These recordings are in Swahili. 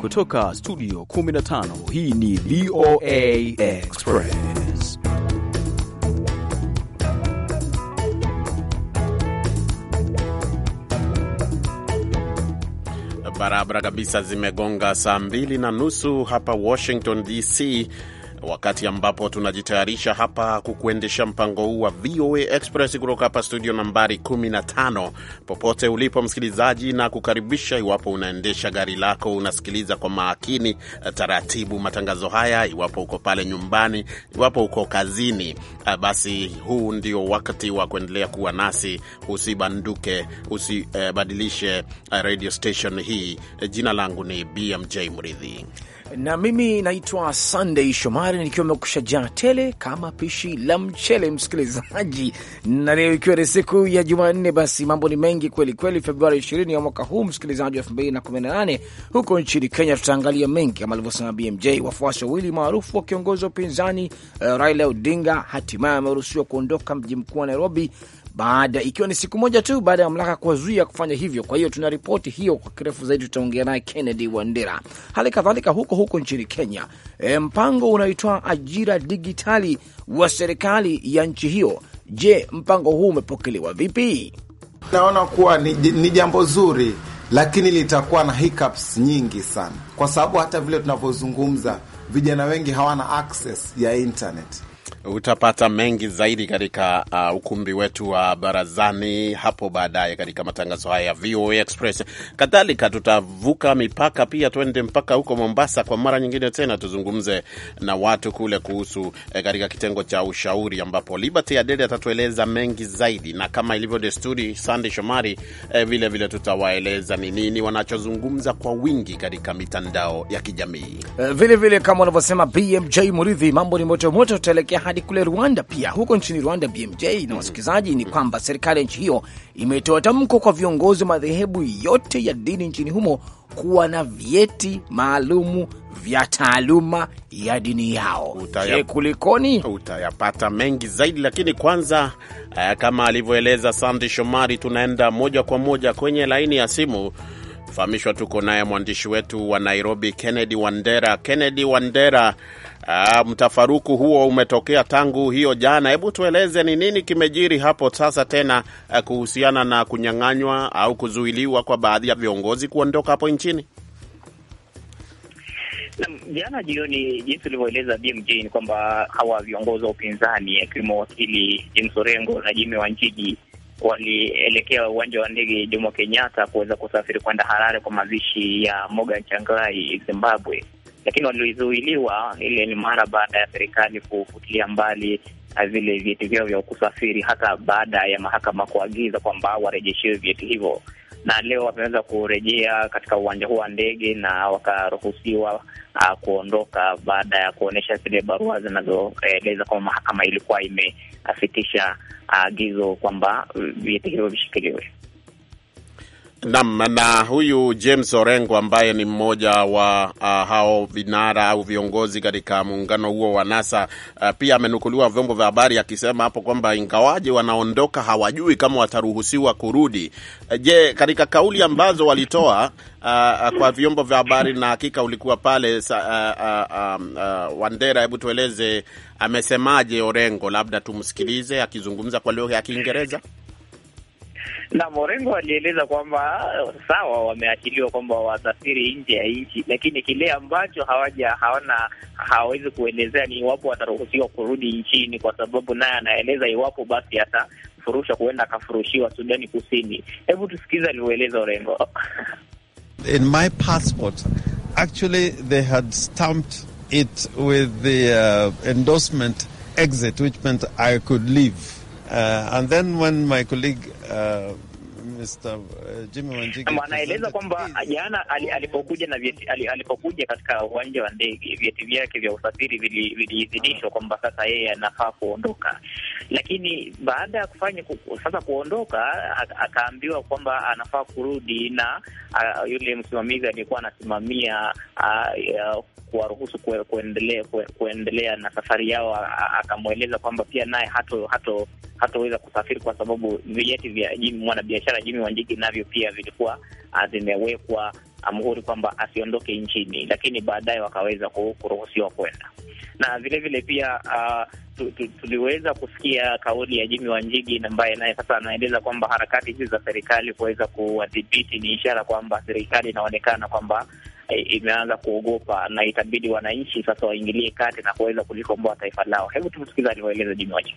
Kutoka studio 15 hii ni VOA Express. Barabara kabisa, zimegonga saa mbili na nusu hapa Washington DC, wakati ambapo tunajitayarisha hapa kukuendesha mpango huu wa VOA Express kutoka hapa studio nambari 15 popote ulipo msikilizaji, na kukaribisha iwapo unaendesha gari lako, unasikiliza kwa makini eh, taratibu matangazo haya, iwapo uko pale nyumbani, iwapo uko kazini, eh, basi huu ndio wakati wa kuendelea kuwa nasi. Usibanduke, usibadilishe eh, radio station hii. Jina langu ni BMJ Mridhi na mimi naitwa Sunday Shomari nikiwa mekusha jaa tele kama pishi la mchele, msikilizaji, na leo ikiwa ni siku ya Jumanne, basi mambo ni mengi kweli kweli. Februari 20 ya mwaka huu, msikilizaji, wa 2018 huko nchini Kenya, tutaangalia mengi kama alivyosema BMJ. Wafuasi wawili maarufu wa kiongozi wa upinzani uh, Raila Odinga hatimaye wameruhusiwa kuondoka mji mkuu wa Nairobi baada ikiwa ni siku moja tu baada ya mamlaka kuwazuia kufanya hivyo. Kwa hiyo tuna ripoti hiyo kwa kirefu zaidi, tutaongea naye Kennedy Wandera. Hali kadhalika huko huko nchini Kenya, e, mpango unaoitwa ajira digitali wa serikali ya nchi hiyo. Je, mpango huu umepokelewa vipi? Naona kuwa ni, ni jambo zuri, lakini litakuwa na hiccups nyingi sana, kwa sababu hata vile tunavyozungumza vijana wengi hawana access ya internet Utapata mengi zaidi katika uh, ukumbi wetu wa uh, barazani hapo baadaye katika matangazo haya ya VOA Express. Kadhalika tutavuka mipaka pia, tuende mpaka huko Mombasa kwa mara nyingine tena, tuzungumze na watu kule kuhusu eh, katika kitengo cha ushauri, ambapo Liberty Adede atatueleza mengi zaidi, na kama ilivyo desturi, Sande Shomari eh, vile vile tutawaeleza ni nini wanachozungumza kwa wingi katika mitandao ya kijamii eh, vile vile kama wanavyosema BMJ Muridhi, mambo ni moto moto, tutaelekea hadi kule Rwanda pia. Huko nchini Rwanda, BMJ na wasikilizaji, ni kwamba serikali ya nchi hiyo imetoa tamko kwa viongozi wa madhehebu yote ya dini nchini humo kuwa na vyeti maalumu vya taaluma ya dini yao. Je, kulikoni? Utayapata mengi zaidi, lakini kwanza, uh, kama alivyoeleza Sandi Shomari, tunaenda moja kwa moja kwenye laini ya simu kufahamishwa. Tuko naye mwandishi wetu wa Nairobi, Kennedy Wandera. Kennedy Wandera, Aa, ah, mtafaruku huo umetokea tangu hiyo jana. Hebu tueleze ni nini kimejiri hapo sasa tena eh, kuhusiana na kunyang'anywa au kuzuiliwa kwa baadhi ya viongozi kuondoka hapo nchini? Jana jioni, jinsi ulivyoeleza BMJ, ni kwamba hawa viongozi wa upinzani akiwemo wakili James Orengo na Jimmy Wanjigi walielekea uwanja wa ndege Jomo Kenyatta kuweza kusafiri kwenda Harare kwa mazishi ya Morgan Changai, Zimbabwe lakini walizuiliwa. Ile ni mara baada ya serikali kufutilia mbali eh, vile vyeti vyao vya kusafiri, hata baada ya mahakama kuagiza kwamba warejeshiwe vyeti hivyo, na leo wameweza kurejea katika uwanja huu wa ndege na wakaruhusiwa uh, kuondoka baada ya kuonyesha zile barua zinazoeleza kwamba mahakama ilikuwa imefitisha ah, agizo uh, kwamba vyeti hivyo vishikiliwe nam na huyu James Orengo ambaye ni mmoja wa uh, hao vinara au viongozi katika muungano huo wa NASA uh, pia amenukuliwa vyombo vya habari akisema hapo kwamba ingawaje wanaondoka hawajui kama wataruhusiwa kurudi. Uh, je, katika kauli ambazo walitoa uh, uh, kwa vyombo vya habari na hakika ulikuwa pale uh, uh, uh, uh, Wandera, hebu tueleze amesemaje Orengo, labda tumsikilize akizungumza kwa lugha ya Kiingereza na Morengo alieleza kwamba sawa, wameachiliwa kwamba wasafiri nje ya nchi, lakini kile ambacho hawaja hawana hawawezi kuelezea ni iwapo wataruhusiwa kurudi nchini, kwa sababu naye anaeleza iwapo basi hata furusha kuenda akafurushiwa Sudani Kusini. Hebu tusikize alivyoeleza Orengo. In my passport actually they had stamped it with the uh, endorsement exit which meant I could leave uh, and then when my colleague uh, Mr. Jimmy Wanjigi anaeleza kwamba jana alipokuja na alipokuja katika uwanja wa ndege vyeti vyake vya usafiri vilizidishwa, vili kwamba sasa yeye anafaa kuondoka lakini baada ya kufanya sasa kuondoka, akaambiwa kwamba anafaa kurudi, na a, yule msimamizi aliyekuwa anasimamia kuwaruhusu kue, kuendelea, kue, kuendelea na safari yao, akamweleza kwamba pia naye hato hato hatoweza kusafiri kwa sababu vijeti vya jimi biashara Jimi Wanjigi navyo pia vilikuwa vimewekwa amhuri kwamba asiondoke nchini, lakini baadaye wakaweza kuruhusiwa kwenda. Na vile vile pia uh, tu, tu, tuliweza kusikia kauli ya Jimmy Wanjigi ambaye naye sasa anaeleza kwamba harakati hizi za serikali kuweza kuwadhibiti ni ishara kwamba serikali inaonekana kwamba e, imeanza kuogopa na itabidi wananchi sasa waingilie kati na kuweza kulikomboa taifa lao. Hebu tumsikiza alivyoeleza Jimmy Wanjigi.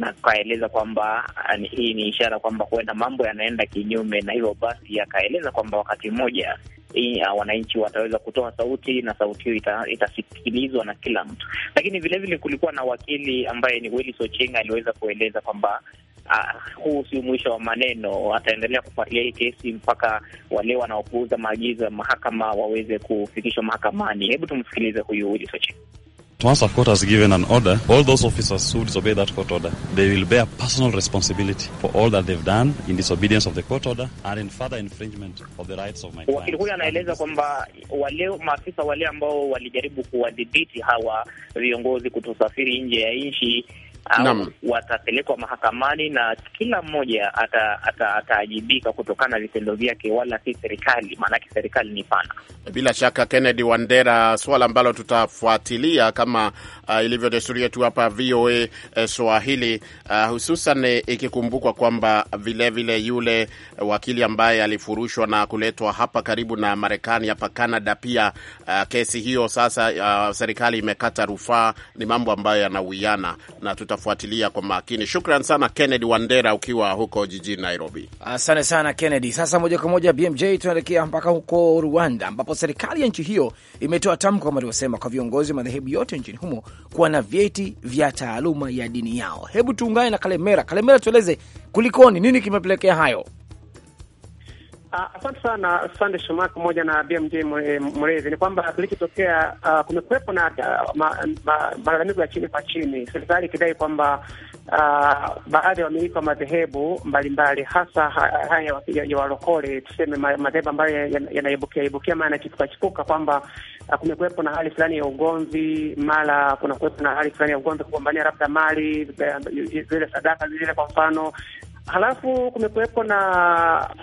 na kaeleza kwamba ah, hii ni ishara kwamba huenda mambo yanaenda kinyume, na hivyo basi akaeleza kwamba wakati mmoja ah, wananchi wataweza kutoa sauti na sauti hiyo ita, itasikilizwa na kila mtu. Lakini vilevile vile kulikuwa na wakili ambaye ni Willis Sochenga aliweza kueleza kwamba Uh, huu si mwisho wa maneno. Ataendelea kufuatilia hii kesi mpaka wale wanaopuuza maagizo ya mahakama waweze kufikishwa mahakamani. Hebu tumsikilize huyu Willis Sochenga. Once a court has given an order, all those officers who disobey that court order, they will bear personal responsibility for all that they've done in disobedience of the court order and in further infringement of the rights of my clients. Wakili huyo anaeleza kwamba wale maafisa wale ambao walijaribu kuwadhibiti hawa viongozi kutosafiri nje ya nchi au watapelekwa mahakamani na kila mmoja ataajibika ata, ata kutokana na vitendo vyake, wala si serikali, maanake serikali ni pana. Bila shaka, Kennedy Wandera, swala ambalo tutafuatilia kama uh, ilivyo desturi yetu hapa VOA eh, Swahili uh, hususan eh, ikikumbukwa kwamba vilevile yule wakili ambaye alifurushwa na kuletwa hapa karibu na Marekani hapa Canada pia uh, kesi hiyo sasa uh, serikali imekata rufaa. Ni mambo ambayo yanawiana na tuta tutafuatilia kwa makini. Shukran sana Kennedy Wandera ukiwa huko jijini Nairobi. Asante sana Kennedy. Sasa moja kwa moja BMJ tunaelekea mpaka huko Rwanda ambapo serikali ya nchi hiyo imetoa tamko kama alivyosema kwa viongozi madhehebu yote nchini humo kuwa na vyeti vya taaluma ya dini yao. Hebu tuungane na Kalemera. Kalemera, tueleze kulikoni, nini kimepelekea hayo? Ah, asante sana Sande Shomari pamoja na BMJ eh, Mrezi. Ni kwamba kilichotokea ah, kumekuwepo na ah, malalamiko ya chini kwa chini, serikali ikidai kwamba baadhi ya wamiliki wa madhehebu mbalimbali hasa haya ya walokole, tuseme madhehebu ambayo yanaibukia ibukia maana chipuka chipuka, kwamba kumekuwepo na hali fulani ya ugomvi, mara kunakuwepo na hali fulani ya ugomvi kugombania labda mali eh, zile sadaka zile, kwa mfano Halafu kumekuwepo na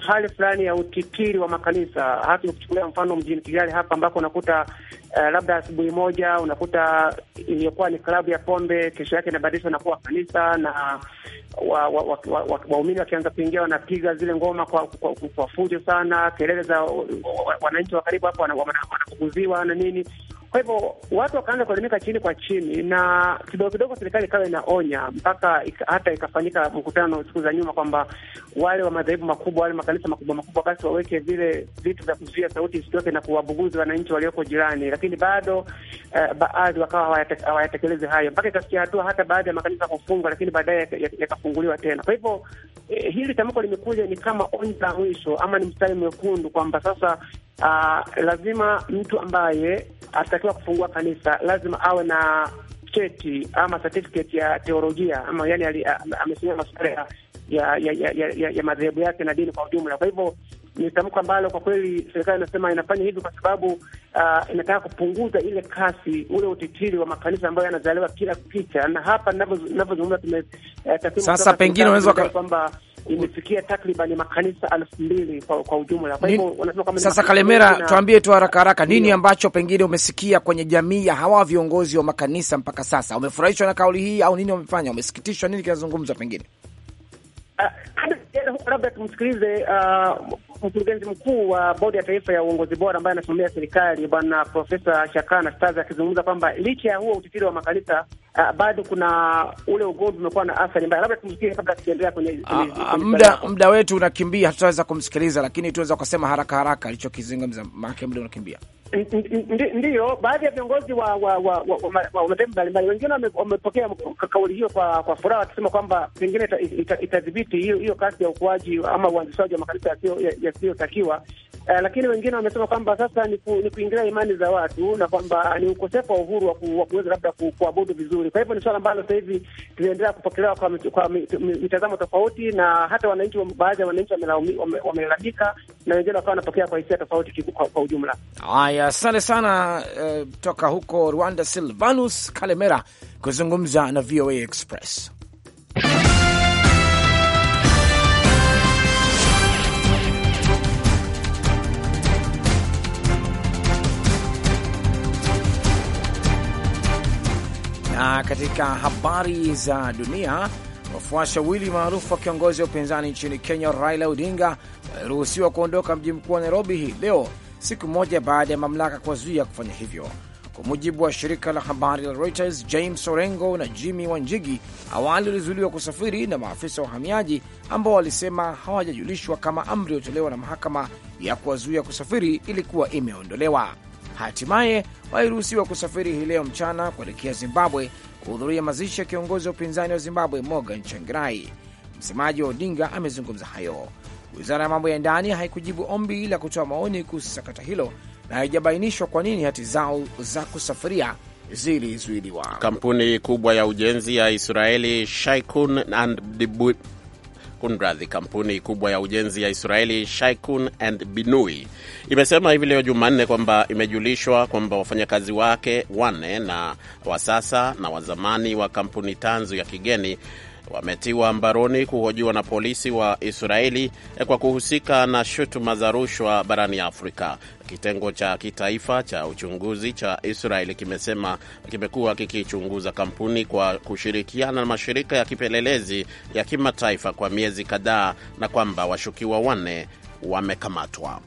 hali fulani ya utitiri wa makanisa, hata ukichukulia mfano mjini Kigali hapa ambako unakuta uh, labda asubuhi moja unakuta iliyokuwa ni klabu ya pombe, kesho yake inabadilishwa na kuwa kanisa, na waumini wa, wa, wa, wa, wakianza kuingia wanapiga zile ngoma kwa, kwa, kwa fujo sana, kelele za wananchi wa karibu hapo wanapuguziwa na nini. Kwa hivyo watu wakaanza kuelimika chini kwa chini, na kidogo kidogo serikali ikawa inaonya mpaka ika, hata ikafanyika mkutano siku za nyuma kwamba wale wa madhehebu makubwa, wale makanisa makubwa makubwa, basi waweke vile vitu vya kuzuia sauti isitoke na kuwabuguzi wananchi walioko jirani, lakini bado Eh, baadhi wakawa hawayatekelezi hayo mpaka ikafikia hatua hata baadhi ya makanisa kufungwa, lakini baadaye yakafunguliwa ya, ya tena. Kwa hivyo eh, hili tamko limekuja ni kama onyo la mwisho ama ni mstari mwekundu kwamba sasa uh, lazima mtu ambaye atakiwa kufungua kanisa lazima awe na cheti ama certificate ya teolojia ama yani amesomea masuala ya ya, ya, ya, ya, ya madhehebu yake na dini kwa ujumla. Kwa hivyo ni tamko ambalo kwa kweli serikali inasema inafanya hivi kwa sababu uh, inataka kupunguza ile kasi, ule utitiri wa makanisa ambayo yanazaliwa kila kukicha, na hapa ninavyozungumza tume eh, sasa pengine unaweza kwamba imefikia takriban makanisa elfu mbili kwa, kwa ujumla. Kwa hivyo wanasema kama sasa, Kalemera, tuambie tu haraka haraka nini ambacho pengine umesikia kwenye jamii ya hawa viongozi wa makanisa mpaka sasa. Umefurahishwa na kauli hii au nini wamefanya? Umesikitishwa? Nini kinazungumzwa pengine? Uh, labda tumsikilize uh, mkurugenzi mkuu wa bodi ya taifa ya uongozi bora ambaye anasimamia serikali, bwana Profesa Shakana Staza akizungumza kwamba licha ya huo utitiri wa makanisa uh, bado kuna ule ugomvi umekuwa na athari mbaya. Labda tumsikie kabla tukiendelea kwenye ah, ah, muda muda wetu unakimbia, hatutaweza kumsikiliza, lakini tuweza kusema haraka haraka alichokizungumza, maana muda unakimbia. Ndiyo, baadhi ya viongozi wa wa wa wa madhehebu mbalimbali wengine wamepokea kauli hiyo kwa kwa furaha, wakisema kwamba pengine itadhibiti hiyo hiyo kasi ya ukuaji ama uanzishaji wa makanisa yasiyotakiwa. Uh, lakini wengine wamesema kwamba sasa ni kuingilia imani za watu na kwamba ni ukosefu wa uhuru wa kuweza labda kuabudu vizuri ulimwenguni. Kwa hivyo ni swala ambalo sasa hivi linaendelea kupokelewa kwa, kwa mitazamo tofauti, na hata wananchi, baadhi ya wananchi wamelalamika na wengine wakawa wanapokea kwa hisia tofauti kwa, kwa ujumla. Haya, asante sana uh, eh, toka huko Rwanda Silvanus Kalemera kuzungumza na VOA Express katika habari za dunia, wafuasi wawili maarufu wa kiongozi wa upinzani nchini Kenya Raila Odinga waliruhusiwa kuondoka mji mkuu wa Nairobi hii leo, siku moja baada ya mamlaka kuwazuia kufanya hivyo. Kwa mujibu wa shirika la habari la Reuters, James Orengo na Jimmy Wanjigi awali walizuiliwa kusafiri na maafisa wa uhamiaji ambao walisema hawajajulishwa kama amri iliyotolewa na mahakama ya kuwazuia kusafiri ilikuwa imeondolewa. Hatimaye waliruhusiwa kusafiri hii leo mchana kuelekea Zimbabwe kuhudhuria mazishi ya kiongozi wa upinzani wa Zimbabwe Morgan Changirai. Msemaji wa Odinga amezungumza hayo. Wizara ya mambo ya ndani haikujibu ombi la kutoa maoni kuhusu sakata hilo na haijabainishwa kwa nini hati zao za kusafiria zilizuiliwa. Kampuni kubwa ya ujenzi ya Israeli Shaikun and Kunradhi, kampuni kubwa ya ujenzi ya Israeli Shaikun and Binui imesema hivi leo Jumanne kwamba imejulishwa kwamba wafanyakazi wake wanne na wa sasa na wa zamani wa kampuni tanzu ya kigeni wametiwa mbaroni kuhojiwa na polisi wa Israeli kwa kuhusika na shutuma za rushwa barani Afrika. Kitengo cha kitaifa cha uchunguzi cha Israeli kimesema kimekuwa kikichunguza kampuni kwa kushirikiana na mashirika ya kipelelezi ya kimataifa kwa miezi kadhaa na kwamba washukiwa wanne wamekamatwa.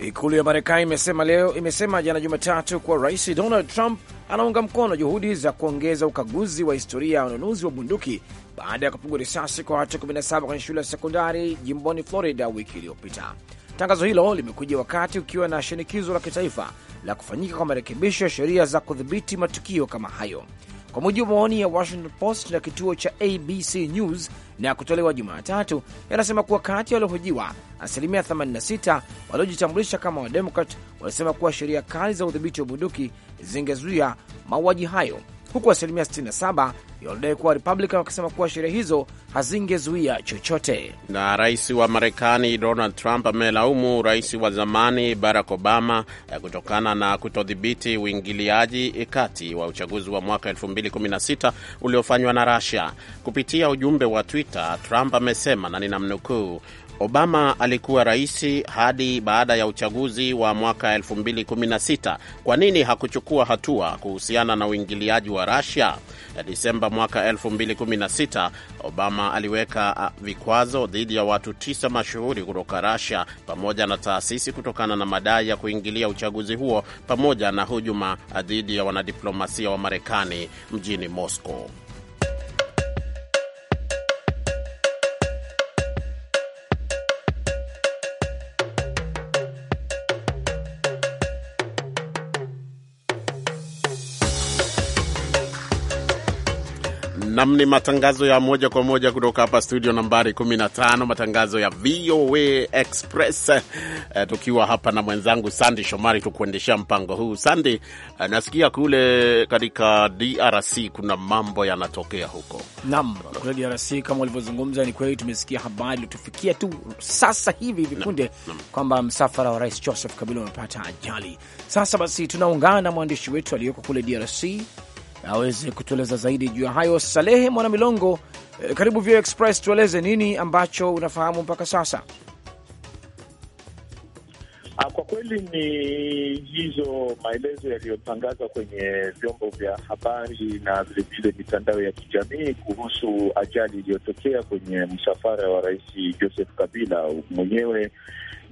Ikulu ya Marekani imesema leo imesema jana Jumatatu kuwa Rais Donald Trump anaunga mkono juhudi za kuongeza ukaguzi wa historia ya ununuzi wa bunduki baada ya kupigwa risasi kwa watu 17 kwenye shule ya sekondari jimboni Florida wiki iliyopita. Tangazo hilo limekuja wakati ukiwa na shinikizo la kitaifa la kufanyika kwa marekebisho ya sheria za kudhibiti matukio kama hayo, kwa mujibu wa maoni ya Washington Post na kituo cha ABC News na kutolewa Jumatatu, yanasema kuwa kati ya waliohojiwa asilimia 86 waliojitambulisha kama Wademokrat walisema kuwa sheria kali za udhibiti wa bunduki zingezuia mauaji hayo huku asilimia 67 yaliodai kuwa Republican wakisema kuwa sheria hizo hazingezuia chochote. Na rais wa Marekani Donald Trump amelaumu rais wa zamani Barack Obama eh, kutokana na kutodhibiti uingiliaji kati wa uchaguzi wa mwaka 2016 uliofanywa na Russia. Kupitia ujumbe wa Twitter, Trump amesema na ninamnukuu Obama alikuwa rais hadi baada ya uchaguzi wa mwaka 2016. Kwa nini hakuchukua hatua kuhusiana na uingiliaji wa Russia? Desemba mwaka 2016, Obama aliweka ah, vikwazo dhidi ya watu tisa mashuhuri kutoka Russia pamoja na taasisi kutokana na madai ya kuingilia uchaguzi huo pamoja na hujuma dhidi ya wanadiplomasia wa Marekani mjini Moscow. Nam ni matangazo ya moja kwa moja kutoka hapa studio nambari 15, matangazo ya VOA Express eh, tukiwa hapa na mwenzangu Sandi Shomari tukuendeshea mpango huu. Sandi, eh, nasikia kule katika DRC kuna mambo yanatokea huko. Nam, kule DRC kama ulivyozungumza, ni kweli tumesikia habari iliotufikia tu sasa hivi hivi kwamba msafara wa Rais Joseph Kabila umepata ajali. Sasa basi tunaungana na mwandishi wetu aliyoko kule DRC aweze kutueleza zaidi juu ya hayo. Salehe Mwanamilongo, eh, karibu Vio Express, tueleze nini ambacho unafahamu mpaka sasa. Ah, kwa kweli ni hizo maelezo yaliyotangazwa kwenye vyombo vya habari na vilevile mitandao ya kijamii kuhusu ajali iliyotokea kwenye msafara wa Rais Joseph Kabila. Mwenyewe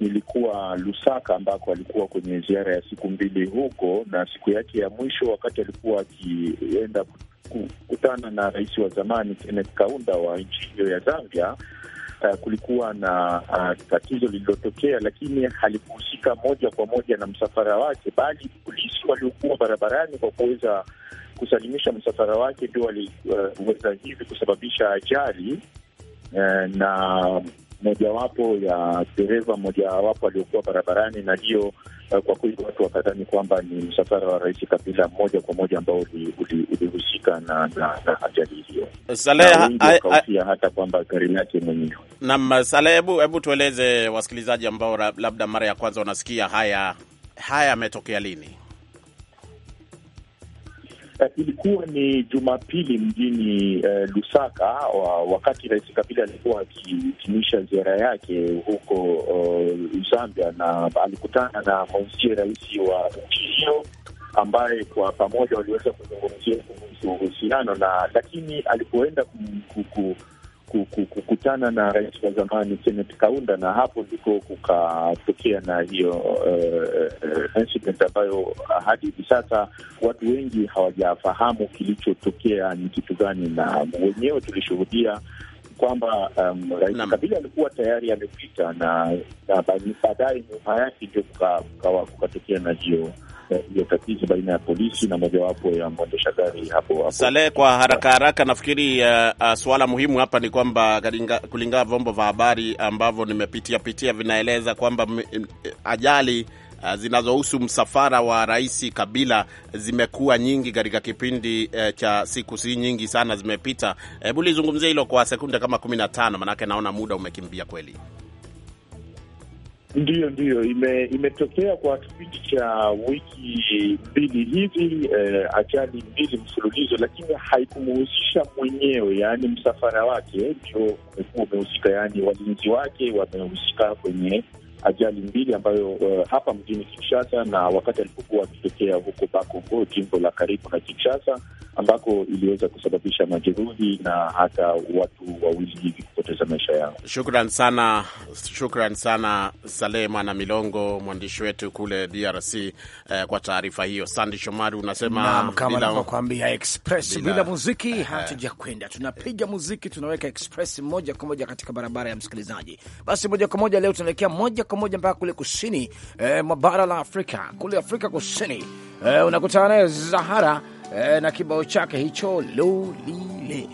nilikuwa Lusaka ambako alikuwa kwenye ziara ya siku mbili huko, na siku yake ya mwisho wakati alikuwa akienda kukutana na rais wa zamani Kenneth Kaunda wa nchi hiyo ya Zambia uh, kulikuwa na uh, tatizo lililotokea, lakini halikuhusika moja kwa moja na msafara wake, bali polisi waliokuwa barabarani kwa kuweza kusalimisha msafara wake ndio waliweza uh, hivi kusababisha ajali uh, na mojawapo ya dereva mojawapo aliokuwa barabarani na hiyo Uh, kwa kweli watu wakadhani kwamba ni msafara wa rais Kabila moja kwa moja ambao ulihusika na, na, na ajali hiyo. Salehe hata kwamba gari lake mwenyewe nam. Saleh, hebu hebu tueleze wasikilizaji ambao labda mara ya kwanza wanasikia haya haya yametokea lini? Eh, ilikuwa ni Jumapili mjini eh, Lusaka wa, wakati Rais Kabila alikuwa akihitimisha ziara yake huko uh, Zambia, na alikutana na mwenzie rais wa nchi hiyo ambaye kwa pamoja waliweza kuzungumzia kuhusu uhusiano na, lakini alipoenda kukutana na rais wa zamani Senet Kaunda, na hapo ndiko kukatokea na hiyo uh, incident ambayo hadi hivi sasa watu wengi hawajafahamu kilichotokea ni kitu gani, na wenyewe tulishuhudia kwamba um, rais Kabila alikuwa tayari amepita, na, na baadaye nyuma yake ndio kukatokea na hiyo hiyo tatizo baina ya polisi na mojawapo ya mwendesha gari hapo hapo. Saleh, kwa haraka haraka, nafikiri uh, uh, suala muhimu hapa ni kwamba kulingana vyombo vya habari ambavyo nimepitia pitia vinaeleza kwamba ajali uh, zinazohusu msafara wa Rais Kabila zimekuwa nyingi katika kipindi uh, cha siku si nyingi sana zimepita. Hebu uh, lizungumzia hilo kwa sekunde kama 15 manake naona muda umekimbia kweli. Ndiyo, ndiyo, ime, imetokea kwa kipindi cha wiki mbili hivi eh, ajali mbili mfululizo, lakini haikumhusisha mwenyewe, yaani msafara wake ndio umekuwa umehusika, yaani walinzi wake wamehusika kwenye ajali mbili ambayo uh, hapa mjini Kinshasa na wakati alipokuwa akitokea huko Bakongo, jimbo la karibu na Kinshasa, ambako iliweza kusababisha majeruhi na hata watu wawili hivi kupoteza maisha yao. Shukran sana, shukran sana Salema na Milongo, mwandishi wetu kule DRC eh, kwa taarifa hiyo. Sandi Shomari unasema kama navyokwambia express bila, bila muziki eh, hatuja kwenda. Tunapiga muziki tunaweka express moja kwa moja katika barabara ya msikilizaji. Basi moja kwa moja leo tunaelekea moja kwa moja mpaka kule kusini eh, mwa bara la Afrika kule Afrika Kusini eh, unakutana naye Zahara eh, na kibao chake hicho lolile.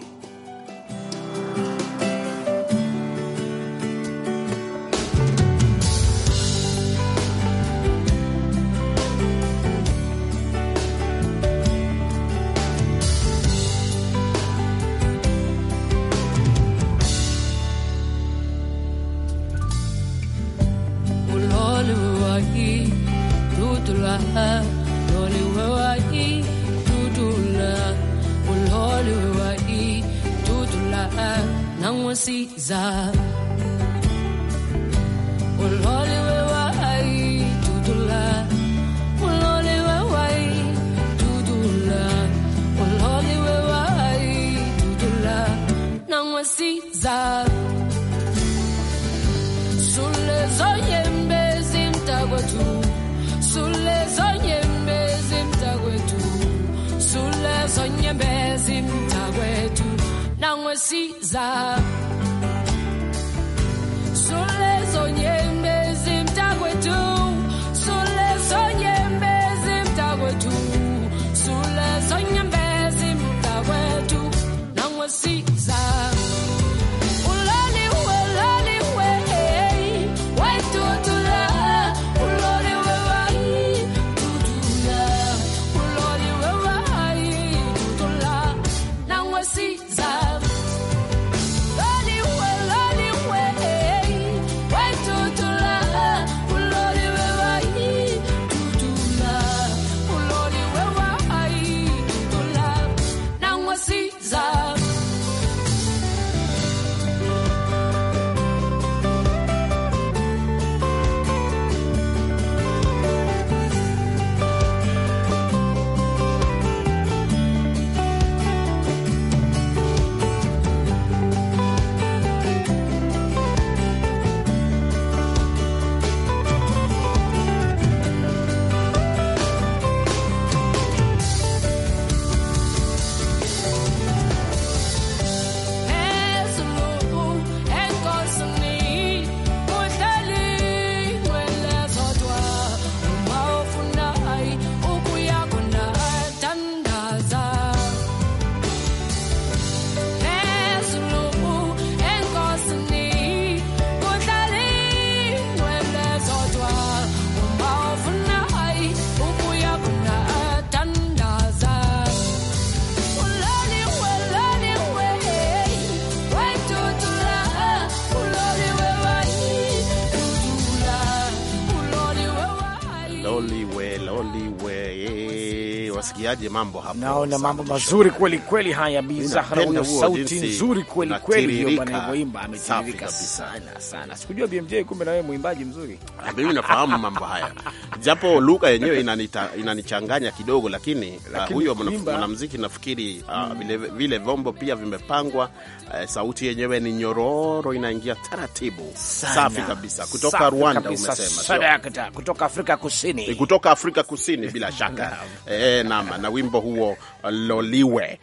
za Siza Sule zoyembe zimtagwetu Sule zoyembe zimtagwetu Sule ya, mambo hapo. Naona mambo mazuri kweli kweli. Haya, Bi Zahra, una sauti nzuri kweli kweli, hiyo bwana anaoimba ametirika sana sana. Sikujua BMJ, kumbe na wewe muimbaji mzuri. Ah, mimi nafahamu mambo haya, japo lugha yenyewe inanita, inanichanganya kidogo, lakini, ah, lakini uh, huyo mwanamuziki nafikiri uh, hmm. vile, vile vyombo pia vimepangwa uh, sauti yenyewe ni nyororo, inaingia taratibu, safi kabisa, kutoka safi Rwanda kabisa. Umesema kutoka Afrika Kusini, kutoka Afrika Kusini bila shaka eh, eh na, na wimbo huo uh, Loliwe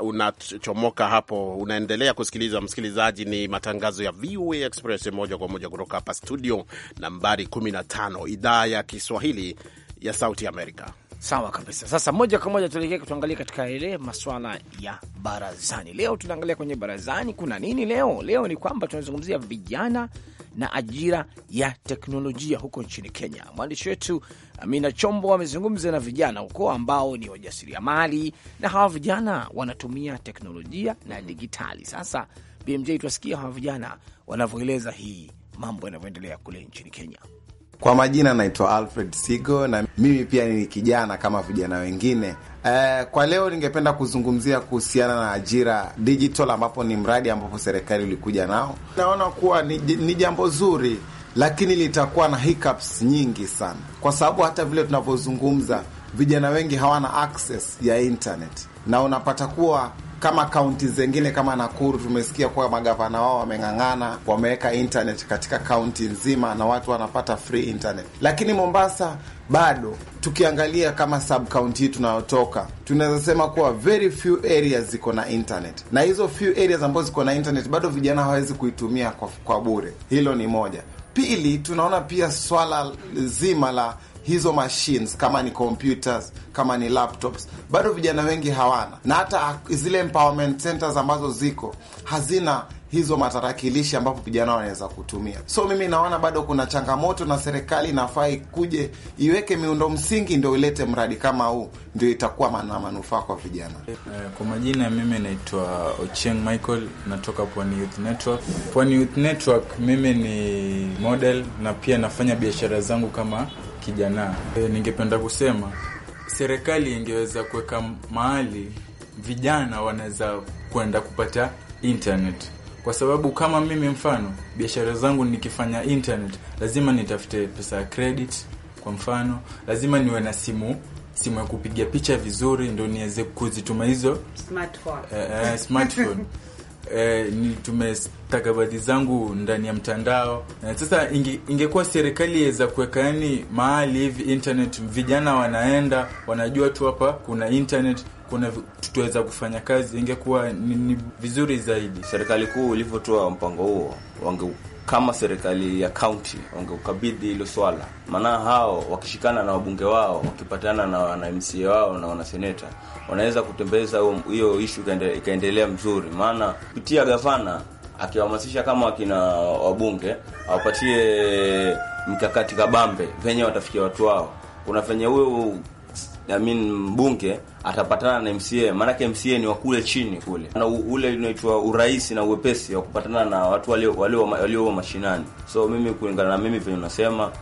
uh, unachomoka hapo. Unaendelea kusikiliza msikilizaji, ni matangazo ya VOA Express moja kwa moja kutoka hapa studio nambari 15 idhaa ya Kiswahili ya Sauti Amerika. Sawa kabisa. Sasa moja kwa moja tuelekee kutuangalia katika ile maswala ya barazani. Leo tunaangalia kwenye barazani, kuna nini leo? Leo ni kwamba tunazungumzia vijana na ajira ya teknolojia huko nchini Kenya. Mwandishi wetu Amina Chombo amezungumza na vijana huko ambao ni wajasiriamali, na hawa vijana wanatumia teknolojia na digitali Sasa BMJ, tuwasikia hawa vijana wanavyoeleza hii mambo yanavyoendelea kule nchini Kenya. Kwa majina naitwa Alfred Sigo na mimi pia ni kijana kama vijana wengine. E, kwa leo ningependa kuzungumzia kuhusiana na ajira digital, ambapo ni mradi ambapo serikali ulikuja nao. Naona kuwa ni, ni jambo zuri, lakini litakuwa na hiccups nyingi sana, kwa sababu hata vile tunavyozungumza vijana wengi hawana access ya internet na unapata kuwa kama kaunti zengine kama Nakuru, tumesikia kuwa magavana wao wameng'ang'ana, wameweka internet katika kaunti nzima na watu wanapata free internet, lakini Mombasa bado tukiangalia kama sub county hii tunayotoka, tunaweza sema kuwa very few areas ziko na internet, na hizo few areas ambazo ziko na internet bado vijana hawawezi kuitumia kwa, kwa bure. Hilo ni moja. Pili, tunaona pia swala zima la hizo machines kama ni computers, kama ni laptops, bado vijana wengi hawana, na hata zile empowerment centers ambazo ziko hazina hizo matarakilishi ambapo vijana wanaweza kutumia. So mimi naona bado kuna changamoto, na serikali inafaa ikuje iweke miundo msingi ndio ilete mradi kama huu, ndio itakuwa na manufaa kwa vijana. Eh, kwa majina, mimi naitwa Ocheng Michael, natoka Pwani Youth Network. Pwani Youth Network, mimi ni model na pia nafanya biashara zangu kama kijana. E, ningependa kusema serikali ingeweza kuweka mahali vijana wanaweza kwenda kupata internet, kwa sababu kama mimi mfano biashara zangu nikifanya internet, lazima nitafute pesa ya credit. Kwa mfano, lazima niwe na simu simu ya kupiga picha vizuri, ndo niweze kuzituma hizo smartphone. E, e, smartphone eh, ni tumestakabadhi zangu ndani ya mtandao eh, sasa inge, ingekuwa serikali iweza kuweka yani mahali hivi internet, vijana wanaenda wanajua tu hapa kuna internet kuna tutaweza kufanya kazi, ingekuwa ni, ni vizuri zaidi. Serikali kuu ilivyotoa mpango huo wange kama serikali ya kaunti wangeukabidhi hilo swala, maana hao wakishikana na wabunge wao wakipatana na wana MCA wao na wanaseneta wanaweza kutembeza hiyo ishu ikaendelea mzuri, maana kupitia gavana akiwahamasisha kama wakina wabunge awapatie mkakati kabambe venye watafikia watu wao. Kuna venye huyo I mean mbunge atapatana na MCA, maanake MCA ni wa kule chini kule, na ule unaitwa urahisi na uwepesi wa kupatana na watu walio walio mashinani. So mimi kulingana na mimi venye unasema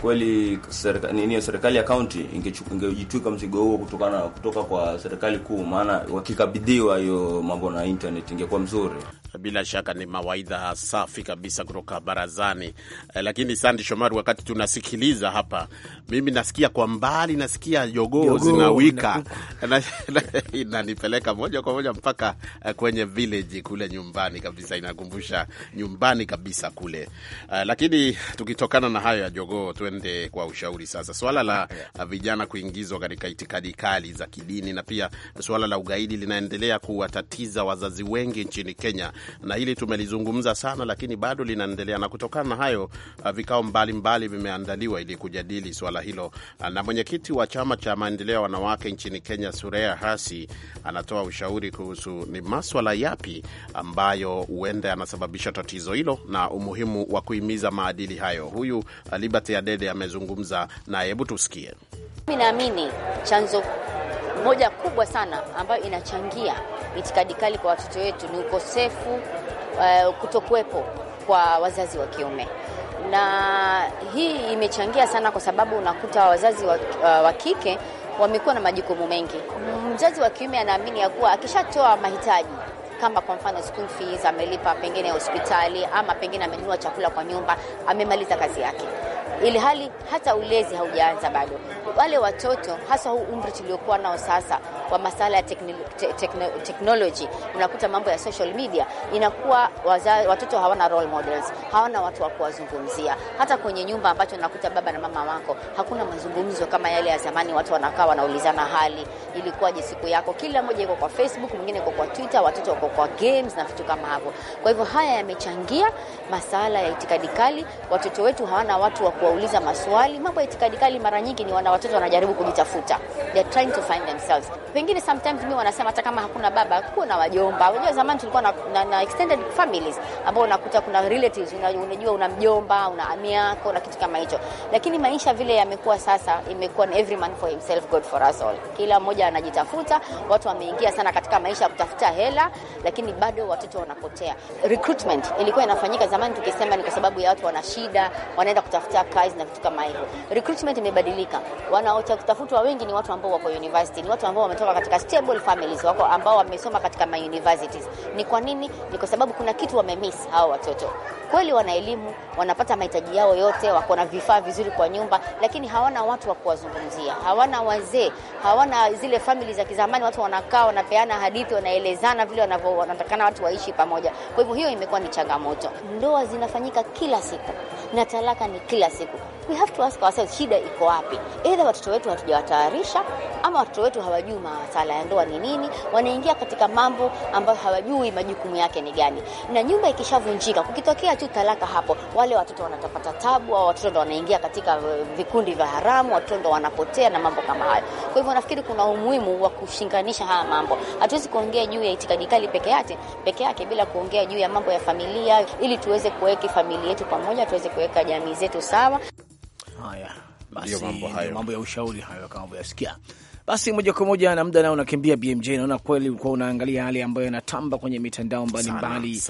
kweli serikali nini serikali ya kaunti ingejitwika mzigo huo kutokana kutoka kwa serikali kuu, maana wakikabidhiwa hiyo mambo na internet ingekuwa mzuri. Bila shaka ni mawaidha safi kabisa kutoka barazani. Eh, lakini Sandi Shomari, wakati tunasikiliza hapa, mimi nasikia kwa mbali, nasikia jogoo zinawika inanipeleka moja kwa moja mpaka eh, kwenye village kule nyumbani kabisa, inakumbusha nyumbani kabisa kule. Eh, lakini tukitokana na hayo ya jogoo, tuende kwa ushauri sasa. Swala la vijana kuingizwa katika itikadi kali za kidini na pia suala la ugaidi linaendelea kuwatatiza wazazi wengi nchini Kenya na hili tumelizungumza sana, lakini bado linaendelea, na kutokana na hayo uh, vikao mbalimbali vimeandaliwa ili kujadili swala hilo, uh, na mwenyekiti wa chama cha maendeleo ya wanawake nchini Kenya Surea Hasi anatoa ushauri kuhusu ni maswala yapi ambayo huenda yanasababisha tatizo hilo na umuhimu wa kuhimiza maadili hayo. Huyu uh, Liberty Adede amezungumza naye, hebu tusikie. Mi naamini chanzo moja kubwa sana ambayo inachangia itikadi kali kwa watoto wetu ni ukosefu uh, kutokuwepo kwa wazazi wa kiume, na hii imechangia sana kwa sababu unakuta wazazi wa, uh, wa kike wamekuwa na majukumu mengi. Mzazi wa kiume anaamini ya kuwa akishatoa mahitaji kama kwa mfano school fees amelipa, pengine hospitali ama pengine amenunua chakula kwa nyumba, amemaliza kazi yake ili hali hata ulezi haujaanza bado. Wale watoto hasa huu umri tuliokuwa nao sasa kwa masala ya teknolo, te, tekno, Unakuta mambo ya social media inakuwa waza, watoto hawana role models, hawana watu wa kuwazungumzia. Hata kwenye nyumba ambacho unakuta baba na mama wako, hakuna mazungumzo kama yale ya zamani. Watu wanakaa wanaulizana, hali ilikuwaje siku yako? Kila mmoja iko kwa Facebook, mwingine iko kwa Twitter, watoto wako kwa games na vitu kama hivyo. Kwa hivyo haya yamechangia masala ya itikadi kali. Watoto wetu hawana watu wa kuwauliza maswali. Mambo ya itikadi kali mara nyingi ni wana watoto wanajaribu kujitafuta, they are trying to find themselves pengine sometimes mimi wanasema hata kama hakuna baba kuna wajomba. Unajua zamani tulikuwa na, na, na extended families ambao unakuta kuna relatives, unajua una mjomba, una ami yako na kitu kama hicho, lakini maisha vile yamekuwa sasa, imekuwa ni every man for himself God for us all. Kila mmoja anajitafuta, watu wameingia sana katika maisha ya kutafuta hela, lakini bado watoto wanapotea. Recruitment ilikuwa inafanyika zamani, tukisema ni kwa sababu ya watu wana shida, wanaenda kutafuta kazi na vitu kama hivyo. Recruitment imebadilika, wanaotafutwa wengi ni watu ambao wako university, ni watu ambao wametoka kutoka katika stable families wako ambao wamesoma katika ma universities. Ni kwa nini? Ni kwa sababu kuna kitu wamemiss hao watoto. Kweli wana elimu, wanapata mahitaji yao yote, wako na vifaa vizuri kwa nyumba, lakini hawana watu wa kuwazungumzia, hawana wazee, hawana zile famili za kizamani, watu wanakaa wanapeana hadithi, wanaelezana vile wanatakana watu waishi pamoja. Kwa hivyo hiyo imekuwa ni changamoto. Ndoa zinafanyika kila siku na talaka ni kila siku we have to ask ourselves, shida iko wapi? Either watoto wetu hatujawatayarisha ama watoto wetu hawajui masala ya ndoa ni nini, wanaingia katika mambo ambayo hawajui majukumu yake ni gani. Na nyumba ikishavunjika, kukitokea tu talaka, hapo wale watoto wanatapata tabu, au watoto ndo wanaingia katika uh, vikundi vya haramu, watoto ndo wanapotea na mambo kama hayo. Kwa hivyo nafikiri kuna umuhimu wa kushinganisha haya mambo. Hatuwezi kuongea juu ya itikadi kali peke yake peke yake bila kuongea juu ya mambo ya familia, ili tuweze kuweka familia yetu pamoja, tuweze kuweka jamii zetu sawa. Haya basi, mambo, mambo ya ushauri hayo kama unavyosikia. Basi moja kwa moja na muda nao unakimbia, BMJ. Naona kweli ulikuwa unaangalia yale ambayo yanatamba kwenye mitandao mbalimbali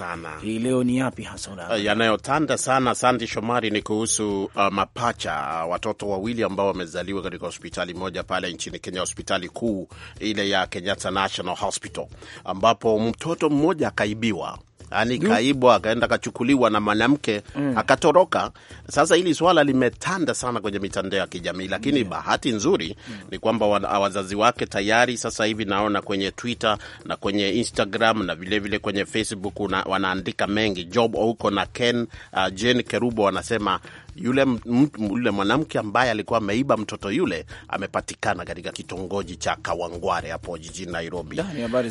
hii leo, ni yapi hasa eh, yanayotanda sana? Sandi Shomari, ni kuhusu uh, mapacha uh, watoto wawili ambao wamezaliwa katika hospitali moja pale nchini Kenya, hospitali kuu ile ya Kenyatta National Hospital, ambapo mtoto mmoja akaibiwa yani kaibwa, akaenda akachukuliwa na mwanamke mm. akatoroka. Sasa hili swala limetanda sana kwenye mitandao ya kijamii, lakini yeah. bahati nzuri mm. ni kwamba ah, wazazi wake tayari sasa hivi naona kwenye Twitter na kwenye Instagram na vilevile vile kwenye Facebook una, wanaandika mengi job huko na Ken uh, Jane Kerubo wanasema yule yule mwanamke ambaye alikuwa ameiba mtoto yule amepatikana katika kitongoji cha Kawangware hapo jijini Nairobi. ni habari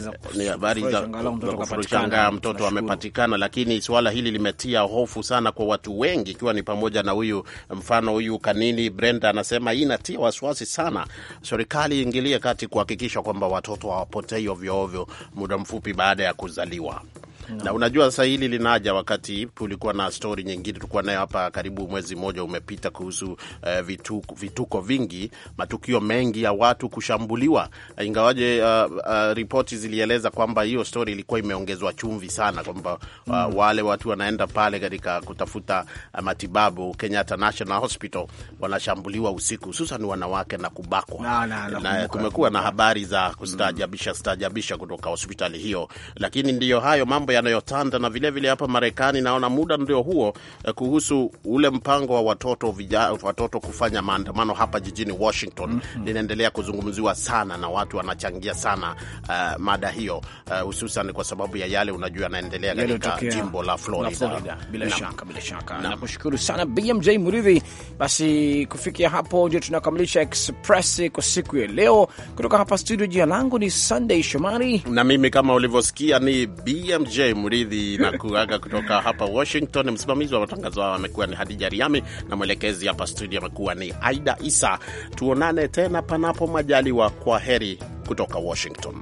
za eh, ni kufurushangaa mtoto amepatikana, lakini suala hili limetia hofu sana kwa watu wengi, ikiwa ni pamoja na huyu mfano huyu Kanini Brenda anasema hii inatia wasiwasi sana, serikali iingilie kati kuhakikisha kwamba watoto hawapotei ovyoovyo muda mfupi baada ya kuzaliwa no. Na unajua sasa hili linaja wakati tulikuwa na stori nyingine tulikuwa nayo hapa karibu mwezi mmoja umepita kuhusu uh, eh, vituko, vituko vingi, matukio mengi ya watu kushambuliwa, ingawaje uh, uh, ripoti zilieleza kwamba hiyo stori ilikuwa imeongezwa chumvi sana, kwamba uh, mm. wale watu wanaenda pale katika kutafuta uh, matibabu Kenyatta National Hospital wanashambuliwa usiku, hususan wanawake na kubakwa na, na, na, na, kumekuwa na habari za kustaajabisha stajabisha kutoka hospitali hiyo, lakini ndiyo hayo mambo ya yanayotanda na vilevile vile hapa Marekani naona muda ndio huo, eh, kuhusu ule mpango wa watoto vija, watoto kufanya maandamano hapa jijini Washington mm -hmm. linaendelea kuzungumziwa sana na watu wanachangia sana uh, mada hiyo eh, hususan uh, kwa sababu ya yale unajua yanaendelea katika jimbo la Florida, Florida. Bila na, shaka bila shaka nakushukuru sana BMJ Muridhi. Basi kufikia hapo ndio tunakamilisha Express kwa siku ya leo kutoka hapa studio. Jina langu ni Sunday Shomari na mimi kama ulivyosikia ni BMJ Mridhi na kuaga kutoka hapa Washington. Msimamizi wa matangazo hao amekuwa ni Hadija Riami na mwelekezi hapa studio amekuwa ni Aida Isa. Tuonane tena panapo majaliwa. Kwa heri kutoka Washington.